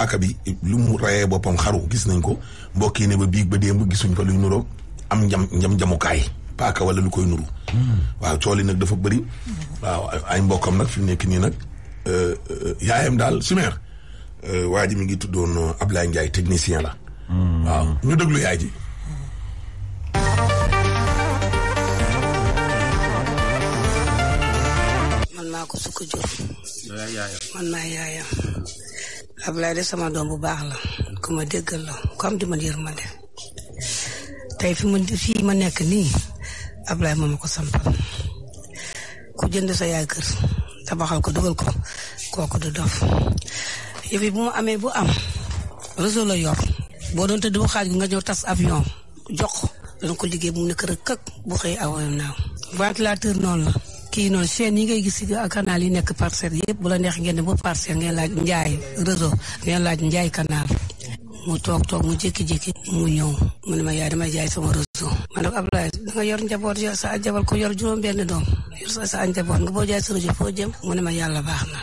paaka bi lu mu rayee boppam xaru gis nañ ko mbokk yi ne ba biig ba démb gisuñ ko luy nuroog am njam njam jamukaay paaka wala lu koy nuru waaw cooli nag dafa bëri waaw ay mbokkam nag fi mu nekk nii nag euh, euh, yaayam daal sumeer euh, waa ji mi ngi tuddoon Ablaye Ndiaye technicien la hmm. waaw ñu déglu yaay ji ko Ablaye de sama doom bu baax la ku ma déggal la ku di ma yërmande tey fi ma fii ma nekk nii Ablaye moom ko sampal ku jënd sa yaay kër tabaxal ko dugal ko kooku du dof yëf mu amee bu am réseau la yor boo doon tëdd bu xaaj nga ñëw tas avion jox dana ko liggéey bu mu nekk rek këk bu xëy awoon naaw ventilateur noonu la kii noonu chaîne yi ngay gis ak canal yi nekk parcelle yëpp bu la neex ngeen ne ba parcelle ngeen laaj njaay réseau ngeen laaj njaay canal mu toog toog mu jékki-jékki mu ñëw mu ne ma yaay damay jaay sama réseau ma ne ko Abdoulaye da nga yor njaboot yor sa jabar ko yor juróom benn doom yor sa sa njaboot nga boo jaay sa réseau foo jëm mu ne ma yàlla baax na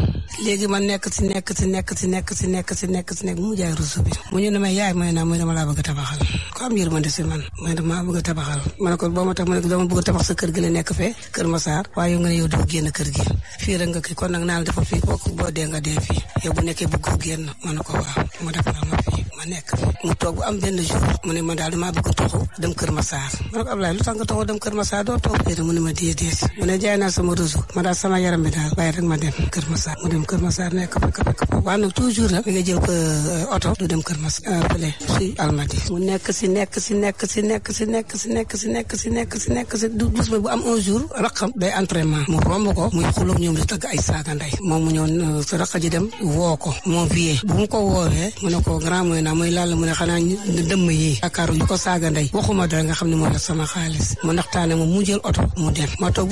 léegi man nekk si nekk ci nekk si nekk si nekk si nekk ci nekk mu jaay rusu bi mu ñu ne may yaay may naa mooy dama laa bëgg a tabaxal ko am yërmande si man mooy dama bëgg a tabaxal ma ne ko boo ma tax ma ne dama bëgg a tabax sa kër gi la nekk fee kër Massar waaye yow nga ne yow doo génn kër gi fii rek nga kii kon nag naa la defal fii boo boo dee nga dee fii yow bu nekkee bëgg génn ma ne ko waaw ma defal ma fii ma nekk mu toog bu am benn jour mu ne ma daal damaa bëgg toxu dem Kër Massar ma ne ko Ablaye lu tax nga toxu dem Kër Massar doo toog mu ne ma déet euh, euh, mu nekk si Almadi nekk si nekk si nekk si nekk si nekk si nekk si nekk si nekk si nekk si du bis ba bu am un jour raqam day entraînement mu romb ko muy xuloog ñoom di tagg ay saaga moom mu ñëw euh, sa raq ji dem woo ko moom bu mu ko woowee mu ne ko grand naa mooy laal la mu ne xanaa dëmm yi yaakaaru ñu ko saaga ndey waxuma dara nga xam ne moo def sama xaalis mu ndaxtaane moom mu jël oto mu dem ma toog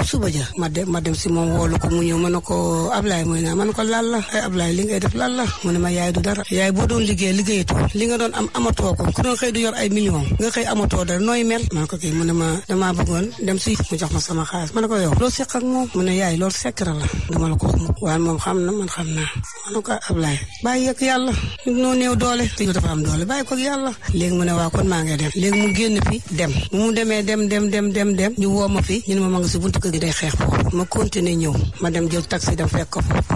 ma ma dem si moom woolu ko mu ñëw ma ne ko Ablaye man ko laal la ay Ablaye li ngay def laal la mu ne ma yaay du dara yaay boo doon liggéey liggéeyatoo li nga doon am amatoo ko ku doon million nga xëy amatoo dara nooy mel ma ne ko ma damaa bëggoon dem si mu jox ma sama xaalis ma ne ko yow loo seq ak moom mu ne yaay loolu secret la dama la ko wax waaye moom xam na man xam naa mu a ko Ablaye bàyyi yëg yàlla noo néew doole te yow dafa am doole bàyyi ko yàlla léegi mu ne waa kon maa ngi dem léegi mu génn fi dem bu mu demee dem dem dem dem dem ñu woo ma fi ñu ne ma ma nga si buntu kër gi day xeex foofu ma continuer ñëw ma dem jël taxi dem fekk ko foofu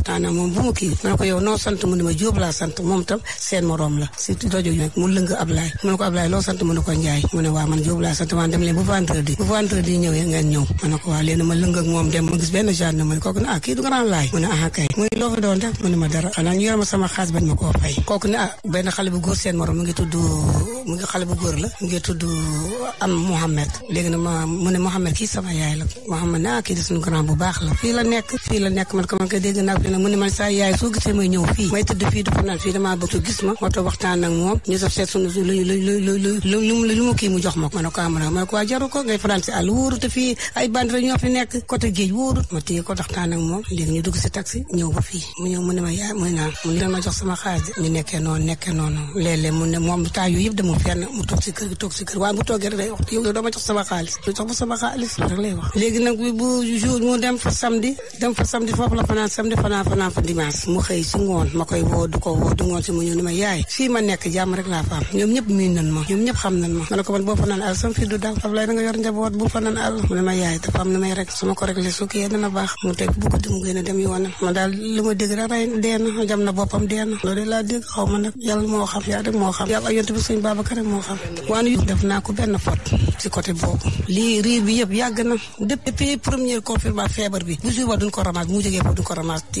waxtaan ak moom bu ma kii ma ne ko yow noo sant mu ne ma Jóob laa sant moom tam seen morom la si rajo nag mu lëng Ablaay mu ne ko Ablaay loo sant mu ne ko Njaay mu ne waa man Jóob laa sant waan dem leen bu vendredi bu vendredi ñëwee ngeen ñëw ma ne ko waa léegi ma lëng ak moom dem ma gis benn genre ma ne kooku ne ah kii du grand laay mu ne ah kay mu ne loo fa doon def mu ne ma dara xanaa ñu yor ma sama xaas bañ ma koo fay kooku ne ah benn xale bu góor seen morom mu ngi tudd mu ngi xale bu góor la mu ngi tudd am Mohamed léegi nag ma mu ne Mohamed kii sama yaay la Mohamed ne ah kii di suñu grand bu baax la fii la nekk fii la nekk man ko man ko dégg naa dina mu ne man saa yaay soo gisee may ñëw fii may tëdd fii du fanaan fii damaa bëgg gis ma moo tax waxtaan ak moom ñu def seet sunu lu lu lu lu lu lu ah, nekk ma jox sama xaalis ñu nekkee noonu nekkee noonu bu jour mu dem fa samedi dem fa samedi foofu la fanaan samedi fanaan fanaan fa dimanche mu xëy si ngoon ma koy woo du ko woo du ngoon si mu ñëw ni ma yaay fii ma nekk jàmm rek laa fa am ñoom ñëpp miin nan ma ñoom ñëpp xam nan ma ma ne ko man boo fanaan àll sama fii du daw Ablaye da nga yor njaboot bu fanaan àll mu ne ma yaay dafa am ni may rek su ma ko réglé su kii dana baax mu teg bu guddi mu génn dem yoonam ma daal li ma dégg rek rey deen jam na boppam deen loolu laa dégg xaw ma nag yàlla moo xam yaa rek moo xam yàlla ak yonte bi suñ Babacar rek moo xam waan yu def naa ko benn fot si côté boobu lii riir bi yëpp yàgg na depuis première confirmation feebar bi bu jour ba duñ ko ramasse bu mu jógee foofu duñ ko ramasse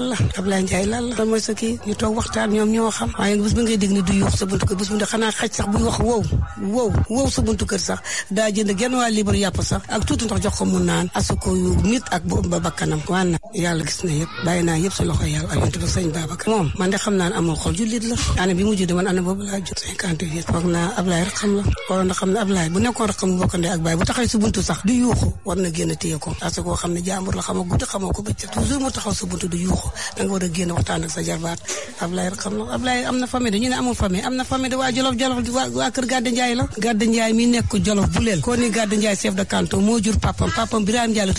lan mooy sa kii ñu toog waxtaan ñoom ñoo xam waaye bu ne buntu kër bu si buntu sax du yuuxu war na génn téye ko asako xam ne jàmbur la xamoo guddi xamoo ko bëccëg toujours mu taxaw sa buntu du yuuxu da nga war a génn waxtaan ak sa jarbaat Ablaye xam nga Ablaye am na famille dañu ne amul famille am na famille waa waa kër Gadda Ndiaye la Gadda Ndiaye mi nekk Jolof bu leel koo ni Gadda de canton moo jur papam papam Birame Ndiaye la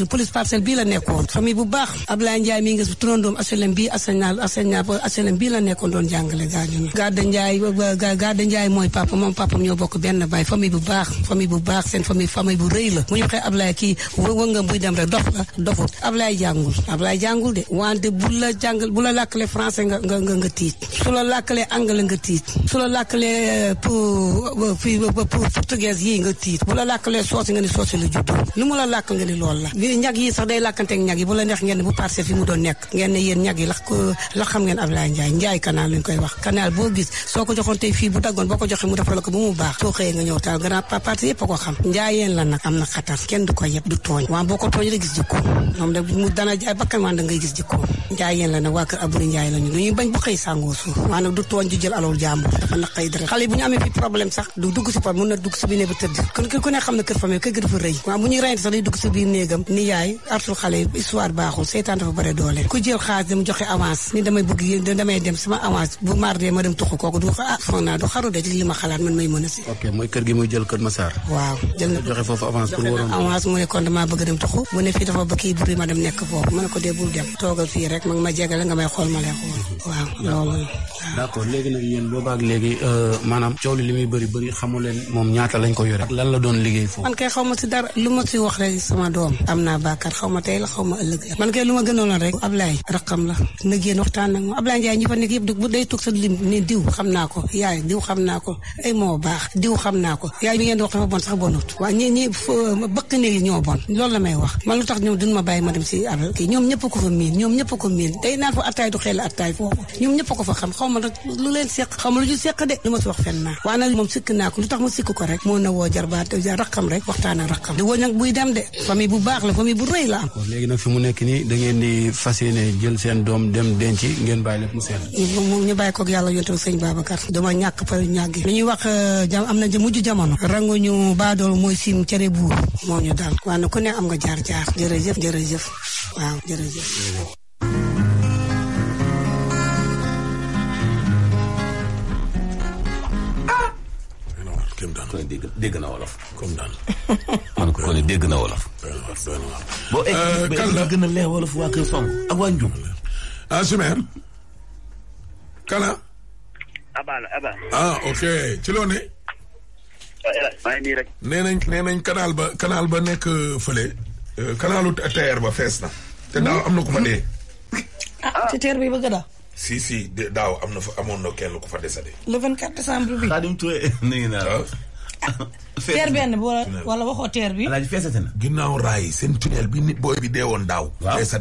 bu turandoom aselem bii la nekkoon doon jàngale gaañu Gadda mooy papa moom papam ñoo bokk benn baay famille bu baax seen famille famille bu rëy la bu ñu waxee Ablaye kii wëngam buy dem rek dof la dofut Ablaye jàngul Ablaye jàngul de wante la bu la làkkalee français nga nga tiit su la làkkalee anglais nga tiit su la làkkalee euh, pour fii pour portugais yii nga tiit bu la làkkalee soosi nga ni soosi la juddoo lu mu la làkkal nga ni loolu la yi sax day làkkanteeg ñag yi bu ne bu parce fi mu doon nekk ngeen ne yéen ñag yi lax ko la xam ngeen Ablaye Ndiaye Ndiaye canal wax canal boo gis soo ko joxoon tey fii bu ko joxee mu a ko xam njaayeen la nag am na xatar kenn du ko yëpp du tooñ ko tooñ rek gis jikkoom moom da mu njaayeen la nag waa kër a Ndiaye la ñu dañuy bañ bu xëy sàngoo suuf maanaam du du dugg a foofu avance mu ne kon damaa bëgg dem tuxu mu ne fii dafa bëgg kii buri ma dem nekk foofu ma ne ko dee bul dem toogal fii rek ma jegale nga may xool ma lay xool waaw loolu d'accord léegi nag yéen boobaak léegi euh, maanaam coow li muy bëri bëri la doon man kay ma si dara lu ma si wax rek sama doom am naa bàkkaar la xaw ma ëllëg ma gënoon rek la na génn waxtaan nag moom Ablaye Ndiaye ñi fa nekk yëpp du bu day tug sa lim ne diw xam naa ko yaay diw xam naa ko ay moo baax diw xam naa ko yaay bi ngeen di wax dafa bon sax bonut waa ñi ñi bëkk néegi ñoo bon la may wax man lu tax ñoom duñ ma bàyyi ma dem si abal kii ñoom ñëpp ko fa miin ñoom ñëpp ko miin lañ day naan fa du xel attaay foofu ñoom ñëpp ko fa xam xaw ma lu leen seq xaw ma lu ñu seq de lu ma si wax fenn naa waaye nag moom sikk naa ko lu tax ma sikk ko rek moo na woo jarbaat raqam rek waxtaan ak raqam di woo nag buy baax la famille bu rëy la am léegi nag fi mu nekk nii da ngeen di fas yéene jël seen doom dem denc ngeen bàyyi lépp mu seen moom ñu bàyyi koog yàlla yonte sëñ Babacar dama ñàkk pa ñàggi lu ñuy wax euh, jam am na mujj jamono rango ñu baadool mooy sim cere buur moo ñu daal waaye ko ne am nga jaar jaar jërëjëf jërëjëf waaw jërëjëf kéem daan kon dégg na wolof. comme daan. dégg na wolof. boo egg kan la gën a leer wolof waa Kër Song ak waa Ndioum. ah Chimère. Kana. Aba la ah ok ci loo ne. maa rek. nee nañ nee nañ canal ba canal ba nekk fële. Euh, canalu TER ba fees na. te daaw am na ku dee. Ah, te TER bi bëgg a si si daaw am na fa amoon na kenn ku fa décédé. le 24 décembre bi. Khadim Touré nuyu naa la. Ah, teer benn wala waxoo teer bi. alaaji feesate na. ginnaaw raay bi booy bi deewoon daaw. waaw